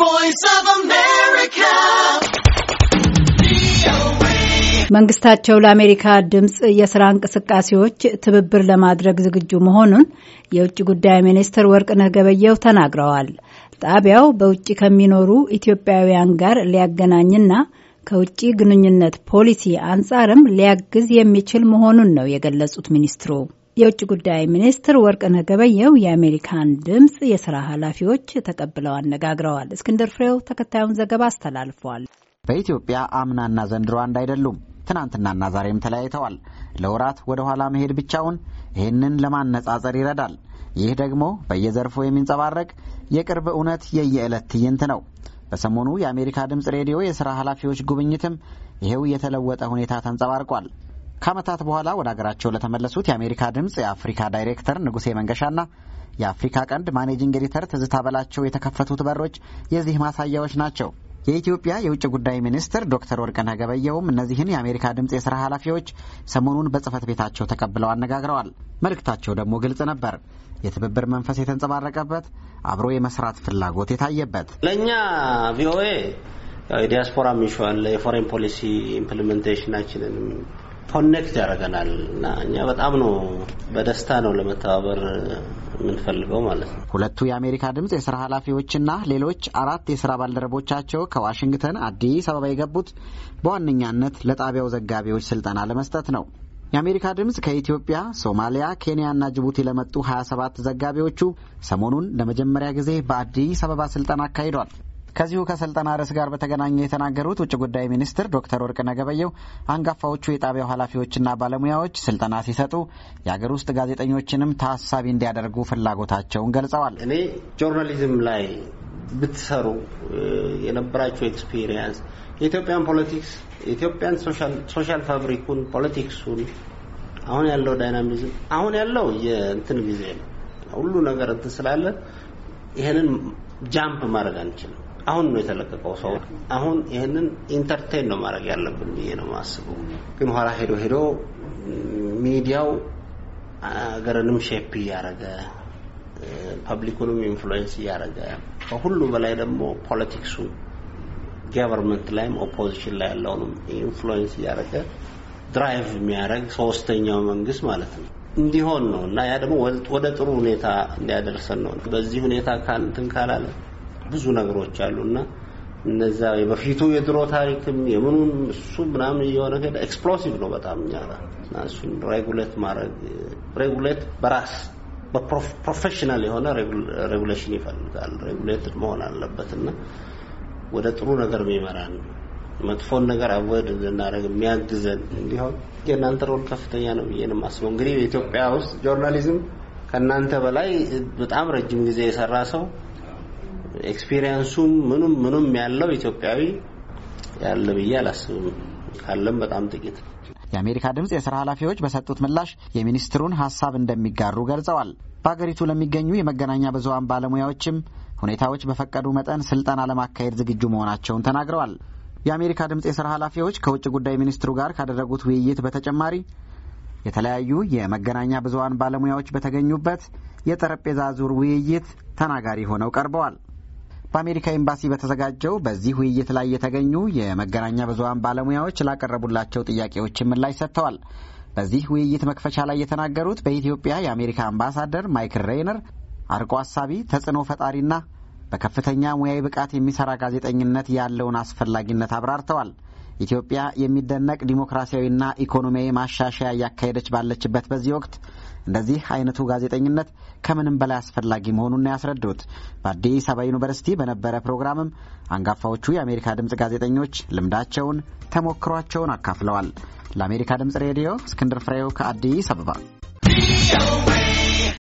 voice መንግስታቸው ለአሜሪካ ድምፅ የስራ እንቅስቃሴዎች ትብብር ለማድረግ ዝግጁ መሆኑን የውጭ ጉዳይ ሚኒስትር ወርቅነህ ገበየሁ ተናግረዋል። ጣቢያው በውጭ ከሚኖሩ ኢትዮጵያውያን ጋር ሊያገናኝና ከውጭ ግንኙነት ፖሊሲ አንጻርም ሊያግዝ የሚችል መሆኑን ነው የገለጹት ሚኒስትሩ። የውጭ ጉዳይ ሚኒስትር ወርቅነህ ነገበየው የአሜሪካን ድምፅ የስራ ኃላፊዎች ተቀብለው አነጋግረዋል። እስክንድር ፍሬው ተከታዩን ዘገባ አስተላልፏል። በኢትዮጵያ አምናና ዘንድሮ አንድ አይደሉም። ትናንትናና ዛሬም ተለያይተዋል። ለወራት ወደ ኋላ መሄድ ብቻውን ይህንን ለማነጻጸር ይረዳል። ይህ ደግሞ በየዘርፉ የሚንጸባረቅ የቅርብ እውነት የየዕለት ትዕይንት ነው። በሰሞኑ የአሜሪካ ድምፅ ሬዲዮ የሥራ ኃላፊዎች ጉብኝትም ይኸው የተለወጠ ሁኔታ ተንጸባርቋል። ከዓመታት በኋላ ወደ አገራቸው ለተመለሱት የአሜሪካ ድምፅ የአፍሪካ ዳይሬክተር ንጉሴ መንገሻና የአፍሪካ ቀንድ ማኔጂንግ ኤዲተር ትዝታ በላቸው የተከፈቱት በሮች የዚህ ማሳያዎች ናቸው። የኢትዮጵያ የውጭ ጉዳይ ሚኒስትር ዶክተር ወርቅነህ ገበየሁም እነዚህን የአሜሪካ ድምፅ የሥራ ኃላፊዎች ሰሞኑን በጽህፈት ቤታቸው ተቀብለው አነጋግረዋል። መልእክታቸው ደግሞ ግልጽ ነበር። የትብብር መንፈስ የተንጸባረቀበት፣ አብሮ የመስራት ፍላጎት የታየበት ለእኛ ቪኦኤ ዲያስፖራ ሚሽን የፎሬን ፖሊሲ ኢምፕሊሜንቴሽናችንንም ኮኔክት ያደርገናል እና እኛ በጣም ነው በደስታ ነው ለመተባበር የምንፈልገው ማለት ነው። ሁለቱ የአሜሪካ ድምፅ የስራ ኃላፊዎችና ሌሎች አራት የስራ ባልደረቦቻቸው ከዋሽንግተን አዲስ አበባ የገቡት በዋነኛነት ለጣቢያው ዘጋቢዎች ስልጠና ለመስጠት ነው። የአሜሪካ ድምፅ ከኢትዮጵያ፣ ሶማሊያ፣ ኬንያና ጅቡቲ ለመጡ 27 ዘጋቢዎቹ ሰሞኑን ለመጀመሪያ ጊዜ በአዲስ አበባ ስልጠና አካሂዷል። ከዚሁ ከስልጠና ርዕስ ጋር በተገናኘ የተናገሩት ውጭ ጉዳይ ሚኒስትር ዶክተር ወርቅነህ ገበየሁ አንጋፋዎቹ የጣቢያው ኃላፊዎችና ባለሙያዎች ስልጠና ሲሰጡ የአገር ውስጥ ጋዜጠኞችንም ታሳቢ እንዲያደርጉ ፍላጎታቸውን ገልጸዋል። እኔ ጆርናሊዝም ላይ ብትሰሩ የነበራቸው ኤክስፒሪየንስ የኢትዮጵያን ፖለቲክስ የኢትዮጵያን ሶሻል ፋብሪኩን ፖለቲክሱን አሁን ያለው ዳይናሚዝም አሁን ያለው የእንትን ጊዜ ነው። ሁሉ ነገር እንትን ስላለ ይሄንን ጃምፕ ማድረግ አንችልም። አሁን ነው የተለቀቀው ሰው። አሁን ይህንን ኢንተርቴን ነው ማድረግ ያለብን ብዬ ነው የማስበው። ግን ኋላ ሄዶ ሄዶ ሚዲያው አገርንም ሼፕ እያደረገ ፐብሊኩንም ኢንፍሉዌንስ እያደረገ ከሁሉ በላይ ደግሞ ፖለቲክሱ ገቨርንመንት ላይም ኦፖዚሽን ላይ ያለውንም ኢንፍሉዌንስ እያደረገ ድራይቭ የሚያደርግ ሶስተኛው መንግስት ማለት ነው እንዲሆን ነው እና ያ ደግሞ ወደ ጥሩ ሁኔታ እንዲያደርሰን ነው። በዚህ ሁኔታ እንትን ካላለ ብዙ ነገሮች አሉና እነዛ የበፊቱ የድሮ ታሪክም የምኑን እሱ ምናምን እየሆነ ገ ኤክስፕሎሲቭ ነው በጣም እኛ እና እሱን ሬጉሌት ማድረግ ሬጉሌት በራስ በፕሮፌሽናል የሆነ ሬጉሌሽን ይፈልጋል። ሬጉሌት መሆን አለበት እና ወደ ጥሩ ነገር የሚመራን መጥፎን ነገር አወድ እንድናደረግ የሚያግዘን እንዲሆን የእናንተ ሮል ከፍተኛ ነው ብዬ ነው የማስበው። እንግዲህ በኢትዮጵያ ውስጥ ጆርናሊዝም ከእናንተ በላይ በጣም ረጅም ጊዜ የሰራ ሰው ኤክስፒሪየንሱም ምኑም ምኑም ያለው ኢትዮጵያዊ ያለ ብዬ አላስብም። ካለም በጣም ጥቂት። የአሜሪካ ድምፅ የስራ ኃላፊዎች በሰጡት ምላሽ የሚኒስትሩን ሀሳብ እንደሚጋሩ ገልጸዋል። በሀገሪቱ ለሚገኙ የመገናኛ ብዙሃን ባለሙያዎችም ሁኔታዎች በፈቀዱ መጠን ስልጠና ለማካሄድ ዝግጁ መሆናቸውን ተናግረዋል። የአሜሪካ ድምፅ የስራ ኃላፊዎች ከውጭ ጉዳይ ሚኒስትሩ ጋር ካደረጉት ውይይት በተጨማሪ የተለያዩ የመገናኛ ብዙሃን ባለሙያዎች በተገኙበት የጠረጴዛ ዙር ውይይት ተናጋሪ ሆነው ቀርበዋል። በአሜሪካ ኤምባሲ በተዘጋጀው በዚህ ውይይት ላይ የተገኙ የመገናኛ ብዙሀን ባለሙያዎች ላቀረቡላቸው ጥያቄዎች ምላሽ ሰጥተዋል። በዚህ ውይይት መክፈቻ ላይ የተናገሩት በኢትዮጵያ የአሜሪካ አምባሳደር ማይክል ሬይነር አርቆ አሳቢ ተጽዕኖ ፈጣሪና በከፍተኛ ሙያዊ ብቃት የሚሰራ ጋዜጠኝነት ያለውን አስፈላጊነት አብራርተዋል። ኢትዮጵያ የሚደነቅ ዲሞክራሲያዊና ኢኮኖሚያዊ ማሻሻያ እያካሄደች ባለችበት በዚህ ወቅት እንደዚህ አይነቱ ጋዜጠኝነት ከምንም በላይ አስፈላጊ መሆኑን ያስረዱት በአዲስ አበባ ዩኒቨርሲቲ በነበረ ፕሮግራምም አንጋፋዎቹ የአሜሪካ ድምፅ ጋዜጠኞች ልምዳቸውን፣ ተሞክሯቸውን አካፍለዋል። ለአሜሪካ ድምፅ ሬዲዮ እስክንድር ፍሬው ከአዲስ አበባ